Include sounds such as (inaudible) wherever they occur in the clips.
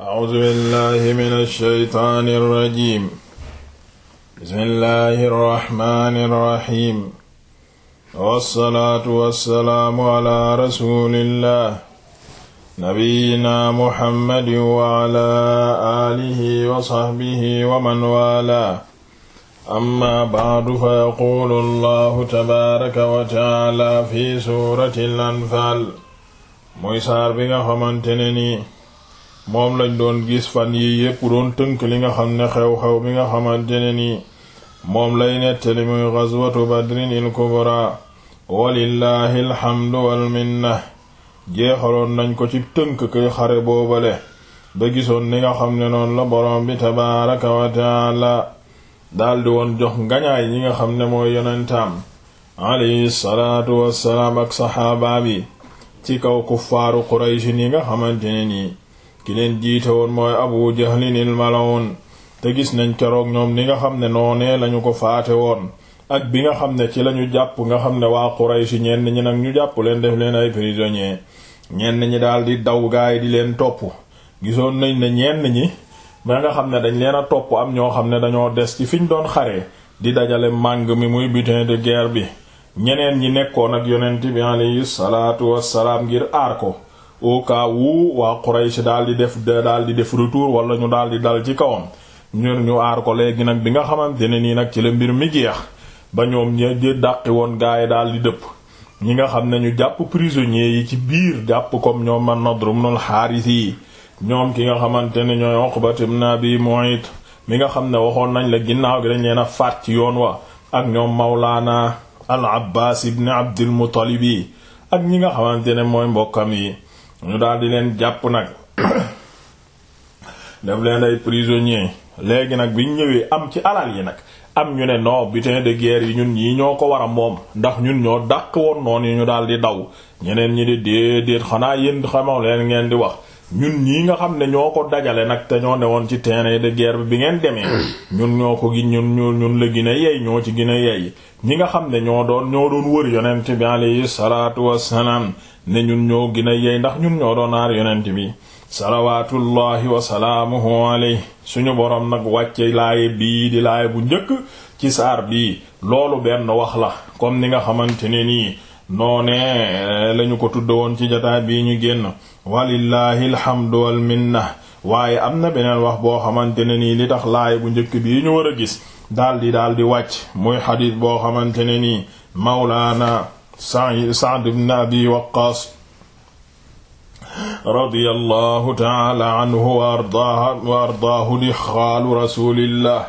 أعوذ بالله من الشيطان الرجيم بسم الله الرحمن الرحيم والصلاة والسلام على رسول الله نبينا محمد وعلى آله وصحبه ومن والاه أما بعد فيقول الله تبارك وتعالى في سورة الأنفال muy saar bi nga xamante ne nii moom lañ doon gis fan yi yépp doon tënk li nga xam ne xew-xew bi nga xamante ne nii moom lay nettali muy ghazwatu badrin il kubra walillahi alhamdu wal minna jeexaloon nañ ko ci tënk kay xare boobale ba gisoon ni nga xam ne noonu la boroom bi tabaaraka wa taala daldi woon jox ngañaay ñi nga xam ne mooy yonentaam alayhi salaatu wassalaam ak saxaabaa ci kaw kuffaaru quraysin yi nga xamante nii ki leen jiite woon mooy abu jahlinil malawun te gis nañ keroog ñoom ni nga xam ne noonee lañu ko faate woon ak bi nga xam ne ci lañu jàpp nga xam ne waa Quraysh ñenn ñi nag ñu jàpp leen def leen ay prisonniers ñenn ñi daal di daw gaay di leen topp gisoon nañ ne ñenn ñi ba nga xam ne dañ leen a topp am ñoo xam ne dañoo des ci fiñ doon xare di dajale màng mi muy butin de guerre bi ñeneen ñi nekkoon ak yonent bi alayhi salaatu wassalaam ngir aar ko au cas où waa Quraysh daal di def daal di def retour wala ñu daal di dal ci kawam ñun ñu aar ko léegi nag bi nga xamante ne nii nag ci la mbir mi jeex ba ñoom ña di dàqi woon gaay daal di dëpp ñi nga xam ne ñu jàpp prisonniers yi ci biir jàpp kom ñoom man Nadr ibn al yi ñoom ki nga xamante ne ñooy Uqbat ibn Abi Mu'ayt mi nga xam ne waxoon nañ la ginnaaw gi dañ leen a faat ci yoon wa ak ñoom Mawlaana al-Abbaas ibn Abdul Muttalib yi ak ñi nga xamante ne mooy mbokkam yi ñu daal di leen jàpp nag (coughs) def leen ay prisonnier léegi nag biñ ñëwee am ci alal yi nag am ñu ne non butin de ger yi ñun ñii ñoo ko war a moom ndax ñun ñoo dàq woon noonu yi ñu daal di daw ñeneen ñi di déedéet xanaa yéen xamoo leen ngeen di wax ñun ñii nga xam ne ñoo ko dajale nag te ñoo woon ci terrain de guerre bi ngeen demee (clears throat) ñun ñoo ko gi ñun ñun ñun la gin a yey ñoo ci a yey ñi nga xam ne ñoo doon ñoo doon wër yonent bi alayhi salaatu wassalaam ne ñun ñoo a yey ndax ñun ñoo doon aar yonent bi salawaatullahi wasalaamuhu alayhi suñu boroom nag wàcce laaye bii di laaye bu njëkk ci saar bii loolu benn wax la kon ni nga xamante ne nii noonee eh, lañu ko tuddoon ci jataay bii ñu génn walillahi alhamdu wal minna waaye am na beneen wax boo xamante ne nii li tax laay bu njëkk bii ñu war a gis daldi daldi wàcc muy xadiis boo xamante ne nii mawlaana Sa'd ibn Abi Waqqaas radiyallahu taala anhu wa ardaahu wa ardaahu di xaalu rasulillah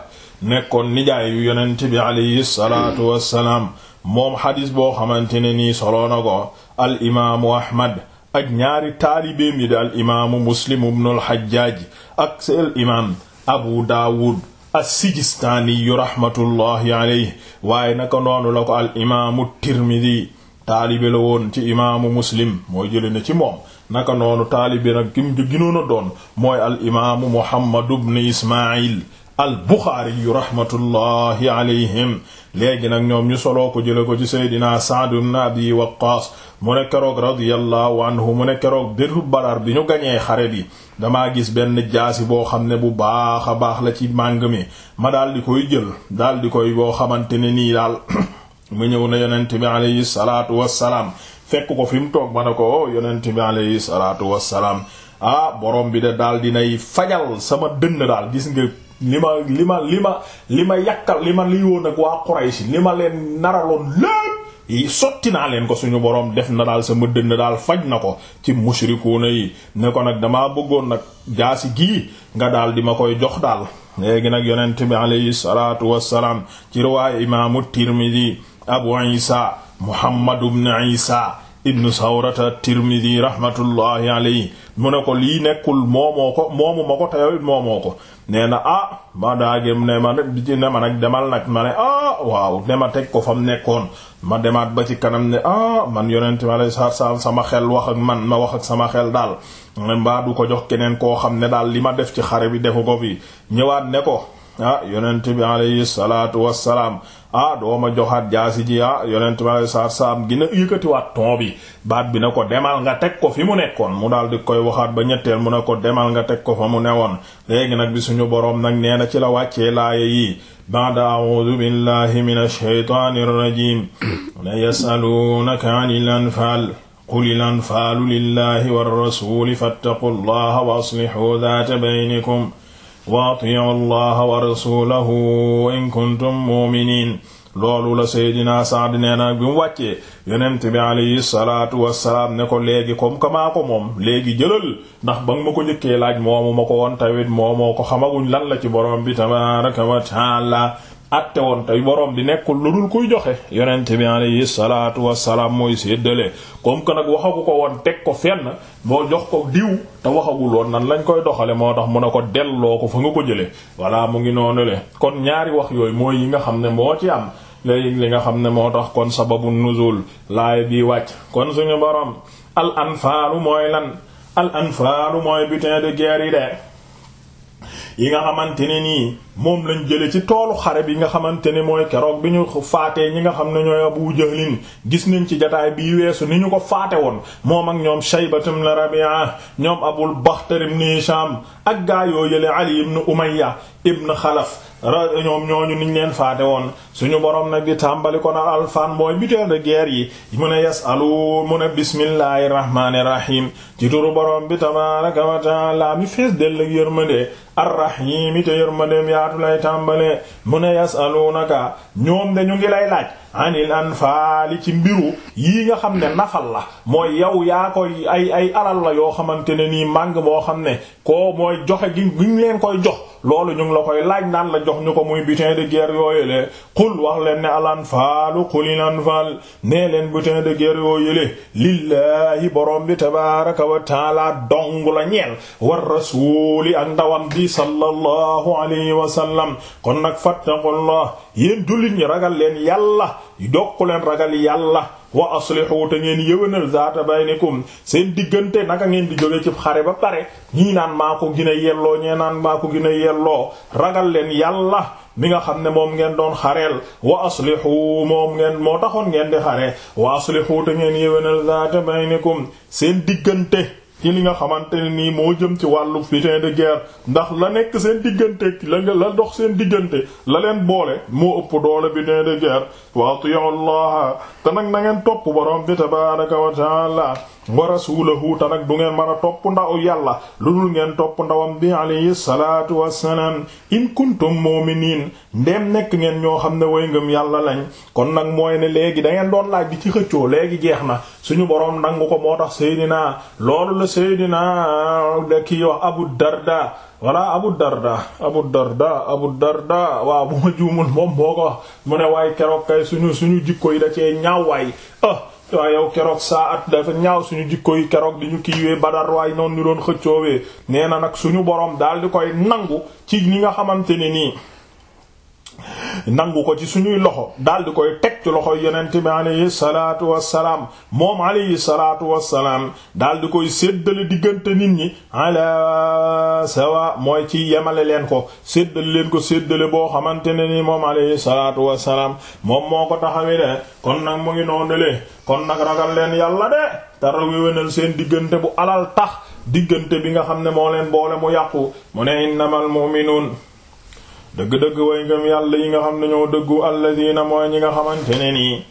nekkoon nijaay yu yonent bi alayhi salaatu wassalaam moom xadis boo xamante ne nii soloo na ko al imaamu ahmad ak ñaari taalibeem yi di al imaamu muslim ibnu al hajjaaj ak seel imaam abu daawud as-sijistaaniyu rahmatullahi alayhi waaye naka noonu la ko al imaamu tirmidi taalibe la woon ci imaamu muslim mooy jële na ci moom naka noonu taalibe nag kim ginoon a doon mooy al imaamu muhammad ibnu ismaayil albuxaariyu rahmatullahi alayhim léegi nag ñoom ñu soloo ko jële ko ci seydina Sa'd ibn Abi Waqqaas mu ne keroog radiyallahu anhu mu ne keroog bétu Badar bi ñu gañee xare bi damaa gis benn jaasi boo xam ne bu baax a baax la ci màng mi ma daal di koy jël daal di koy boo xamante ne nii daal (coughs) mu ñëw na yonent bi alayhi salaatu wassalaam fekk ko fi mu toog ma ne ko oh, yonent bi alayhi salaatu salaam ah borom bi de daal dinay fajal sama dënn daal gis nga li ma li ma li ma li ma li ma li woon ak waa Quraysh li ma leen naraloon lépp sotti naa leen ko suñu boroom def na daal sama dënn daal faj na ko ci mushrikuuna yi ne ko nag damaa bëggoon nag jaasi gii nga daal di ma koy jox daal léegi nag yonent bi alayhi salaatu wassalaam ci riwaaya imaamu Tirmidi Abu Isa Muhammad ibn Isa ibnu sawrata tirmidi rahmatullahi alayhi mu ne ko lii nekkul moomoo ko moomu ma ko te moomoo ko nee na ah ma daagem ne ma ne ma nag demal nag ma ne ah waaw ne ma teg ko fa mu nekkoon ma demaat ba ci kanam ne ah man yonente ma lay sa sa sama xel wax ak man ma wax ak sama xel daal mbaa du ko jox keneen koo xam ne daal li ma def ci xare bi defu ko fi ñëwaat ne ko ah yonent bi alayhi salaatu wassalaam ah dooma joxaat jaasi ji ah yonent bi alayhi salaatu wassalaam gina yëkkatiwaat ton bi baat bi na ko demal nga teg ko fi mu nekkoon mu daal di koy waxaat ba ñetteel mu ne ko demal nga teg ko fa mu newoon léegi nag bi suñu boroom nag nee na ci la wàccee laaya yi ba'da a'uudu billahi minash shaytaanir rajiim la yas'aluunaka 'anil anfaal qulil anfaalu lillahi war rasuuli fattaqullaha wa aslihuu dhaata baynikum wa atiicu allaha wa rasulahu in kuntum mu'miniin loolu la Seydina Saad nee na bi mu wàccee yonent bi alayhi salaatu wassalaam ne ko léegi comme que maa ko moom léegi jëlal ndax ba nga ma ko njëkkee laaj moomu ma ko woon tawit moomoo ko xamaguñ lan la ci borom bi tabaaraka wa taala atte woon te boroom bi nekkul lu dul kuy joxe yonent bi alayhi salaatu wassalaam mooy séddale comme que nag waxagu ko woon teg ko fenn boo jox ko diw te waxagul woon nan lañ koy doxale moo tax mu ne ko delloo ko fa nga ko jële voilà mu ngi noonu le kon ñaari wax yooyu mooy yi nga xam ne moo ci am léegi li nga xam ne moo tax kon sababu nuzul laay bi wàcc kon suñu borom al anfaalu mooy lan al anfaalu mooy butin de guerre yi de yi nga xamante ne nii moom lañ jële ci toolu xare bi nga xamante ne mooy keroog bi ñu faatee ñi nga xam ne ñooy Abu Jahlin gis nañ ci jataay bii weesu ni ñu ko faate woon moom ak ñoom Shaybatum la Rabi'a ñoom Abul Bakhtar ibn Hisham ak gaa yoo yële Ali ibn Umayya ibn Xalaf ra ñoom ñooñu niñ leen faate woon suñu borom nag di tàmbali ko na alfan mooy butin de yi mu ne yasalu mu ne bismillahir rahmanir rahim ci turu borom bi tabaraka wa taala mi fees dell arrahimi te yërmandeem yaatu lay tàmbale mu ne yasalunaka ñoom dañu ngi lay laaj anil anfaali ci mbiru yii nga xam ne nafal la mooy yow yaa koy ay ay alal la yoo xamante ne nii màng moo xam ne koo mooy joxe gi ñu leen koy jox loolu ñu ngi la koy laaj naan la jox ñu ko muy butin de guerre yooyule qul wax leen ne al anfaalu qulil anfaal nee leen butin de guerre yooyule lillaahi borom bi tabaaraka wa taala dong la ñeel war rasuuli ak ndawam bi sallallahu alayhi wa sallam kon nag fattaqullah yéen dul jullit ñi ragal leen yàlla dokk leen ragal yàlla wa aslihu te ngeen yëwénal zaata baynikum seen diggante naka ngeen di jóge ci xare ba pare ñii naan maa ko gën a yelloo ñee naan maa ko gën a yelloo ragal leen yàlla mi nga xam ne moom ngeen doon xareel wa aslihu moom ngeen moo taxoon ngeen di xare wa aslihu te ngeen yëwénal zaata baynikum seen diggante ci li nga xamante ne nii moo jëm ci wàllu butin de guerre ndax la nekk seen diggante la la dox seen diggante la leen boole moo ëpp doole butin de ger wa atiyu allah te nag na ngeen topp borom bi tabaaraka wa taala wa rasulahu ta nag du ngeen mën a topp ndaw yàlla lu dul ngeen topp ndawam bi alayhi salaatu wassalaam in kuntum mu'miniin ndem nekk ngeen ñoo xam ne way ngëm yàlla lañ kon nag mooy ne léegi da ngeen doon laaj di ci xëccoo léegi jeex na suñu boroom nangu ko moo tax seydinaa loolu la seydinaa da kii wax abu darda voilà Abu Darda Abu Darda Abu Darda waaw bu ma juumul moom boo ko mu ne waay keroog kay suñu suñu jikko yi da cee ñaaw waay ah waaye yow keroog saa at dafa ñaaw suñu jikko yi keroog di ñu kiiwee Badar waay noonu ñu doon xëccoowee nee na nag suñu borom daal di koy nangu ci ñi nga xamante ne nii. nangu ko ci suñuy loxo daal di koy teg ci loxo yonent bi alayhi salaatu wassalaam moom alayhi salaatu wassalaam daal di koy séddale diggante nit ñi ala sawa mooy ci yemale leen ko séddale leen ko séddale boo xamante ne ni moom alayhi salaatu wassalaam moom moo ko taxawi de kon nag mu ngi noonu le kon nag ragal leen yàlla de tara wéwénal seen diggante bu alal tax diggante bi nga xam ne moo leen boole mu yàqu mu ne innamal mu'minun dëgg-dëgg way ngëm yàlla yi nga xam ne ñoo dëggu alladina mooy ñi nga xamante ne nii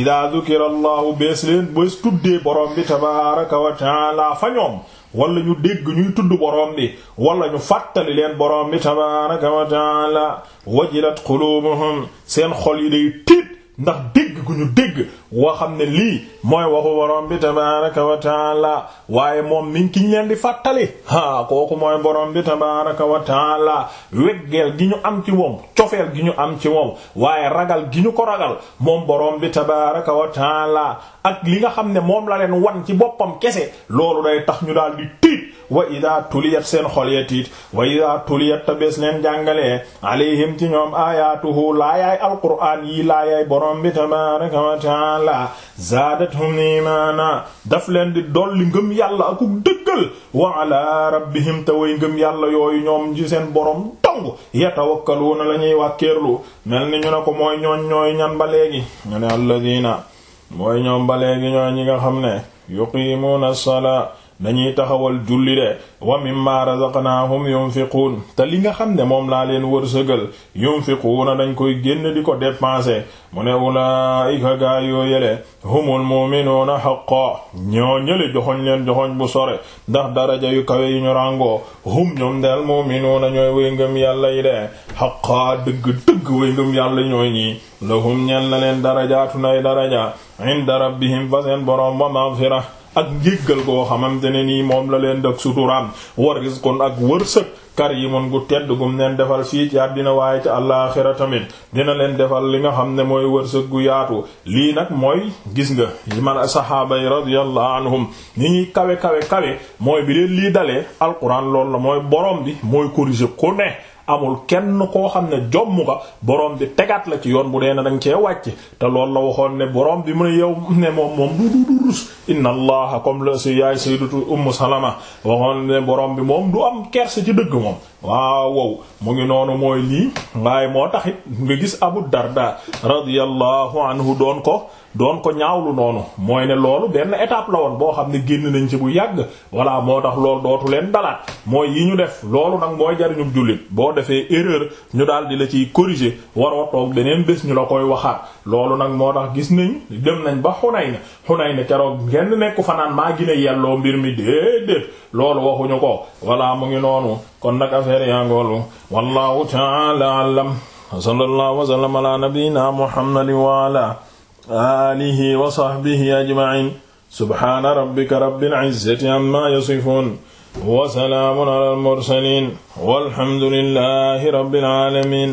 ida zukira allahu bees leen bees tuddee borom bi tabaraka wa taala fa ñoom wala ñu dégg ñuy tudd borom bi wala ñu fàttali leen borom bi tabaraka wa taala wajilat qulubuhum seen xol yi day tiit ndax dégg gu ñu dégg woo xam ne lii mooy waxu borom bi tabaaraka wa taala waaye moom mi ngi leen di fàttali ah kooku mooy borom bi tabaaraka wa taala weggeel gi ñu am ci moom cofeel gi ñu am ci moom waaye ragal gi ñu ko ragal moom borom bi tabaaraka wa taala ak li nga xam ne moom la leen wan ci boppam kese loolu day tax ñu daal di tiit wa idaa tuliyat seen xol ya tiit wa idaa tuliyat tabees leen jàngalee alayhim ci ñoom aayaatuhu laayaay yi laayaay borom bi tabaaraka wa taala taala zaadathum naa daf leen di dolli ngëm yàlla ak dëggal wa ala rabbihim te way ngëm yàlla yooyu ñoom ji seen borom dong yatawakkaluuna la ñuy wàkkeerlu mel ni ñu ne ko mooy ñooñ ñooy ñan ba léegi ñu ne alladina mooy ñoom ba léegi ñooy ñi nga xam ne yuqiimuuna salaa dañuy taxawal julli de wa mimma razaqnaahum yunfiquun te li nga xam ne moom laa leen wërsëgal yunfiquuna dañ koy génn di ko dépenser mu ne ulaa'ika gaa yoo yele humul mu'minuuna haqqan ñoo ñële joxoñ leen joxoñ bu sore ndax daraja yu kawe yu ñu ràngoo hum ñoom daal mu'minuuna ñooy way ngëm yàlla yi de haqqan dëgg dëgg way yàlla ñooy ñii lahum ñeel na leen darajaatu nay daraja inda rabbihim fa seen boroom wa maghfira ak njéggal goo xamante ne nii moom la leen dak suturaam war rizqun ak wërsëg karimun gu tedd gum leen defal fii ci àddina waaye ci àllaaxira tamit dina leen defal li nga xam ne mooy wërsëg gu yaatu lii nag mooy gis nga yi man sahaaba yi radiyallahu anhum ni ñuy kawe kawe kawe mooy bi leen lii dalee alquran loolu la mooy borom bi mooy corriger ku ne amul kenn koo xam ne jomm nga borom bi tegaat la ci yoon bu dee na dañ cee wàcc te loolu la waxoon ne boroom bi mu ne yow ne moom moom du du du rus inna allah comme la si yaay sayyidatu ummu salama waxoon ne borom bi moom du am kersa ci dëgg moom waaw wow mu ngi noonu mooy lii waaye moo taxit nga gis Abu Darda radiyallahu anhu doon ko doon ko ñaawlu noonu mooy ne loolu benn étape la woon boo xam ne génn nañ ci bu yàgg voilà moo tax loolu dootu leen dalaat mooy yi ñu def loolu nag mooy jariñu jullit boo defee erreur ñu daal di la ciy corriger waroo toog beneen bés ñu la koy waxaat loolu nag moo tax gis nañ dem nañ ba Xunayna Xunayna keroog kenn nekku fanaan maa gina yelloo mbir mi déedéet loolu waxuñu ko walla mu ngi noonu kon nag affaire yaa ngoolu wallahu ta'ala alam wa sallallahu wa sallam ala nabiyyina muhammadin wa ala alihi wa sahbihi ajma'in subhana rabbika rabbil izzati amma yasifun wa salamun ala al mursalin walhamdulillahi rabbil alamin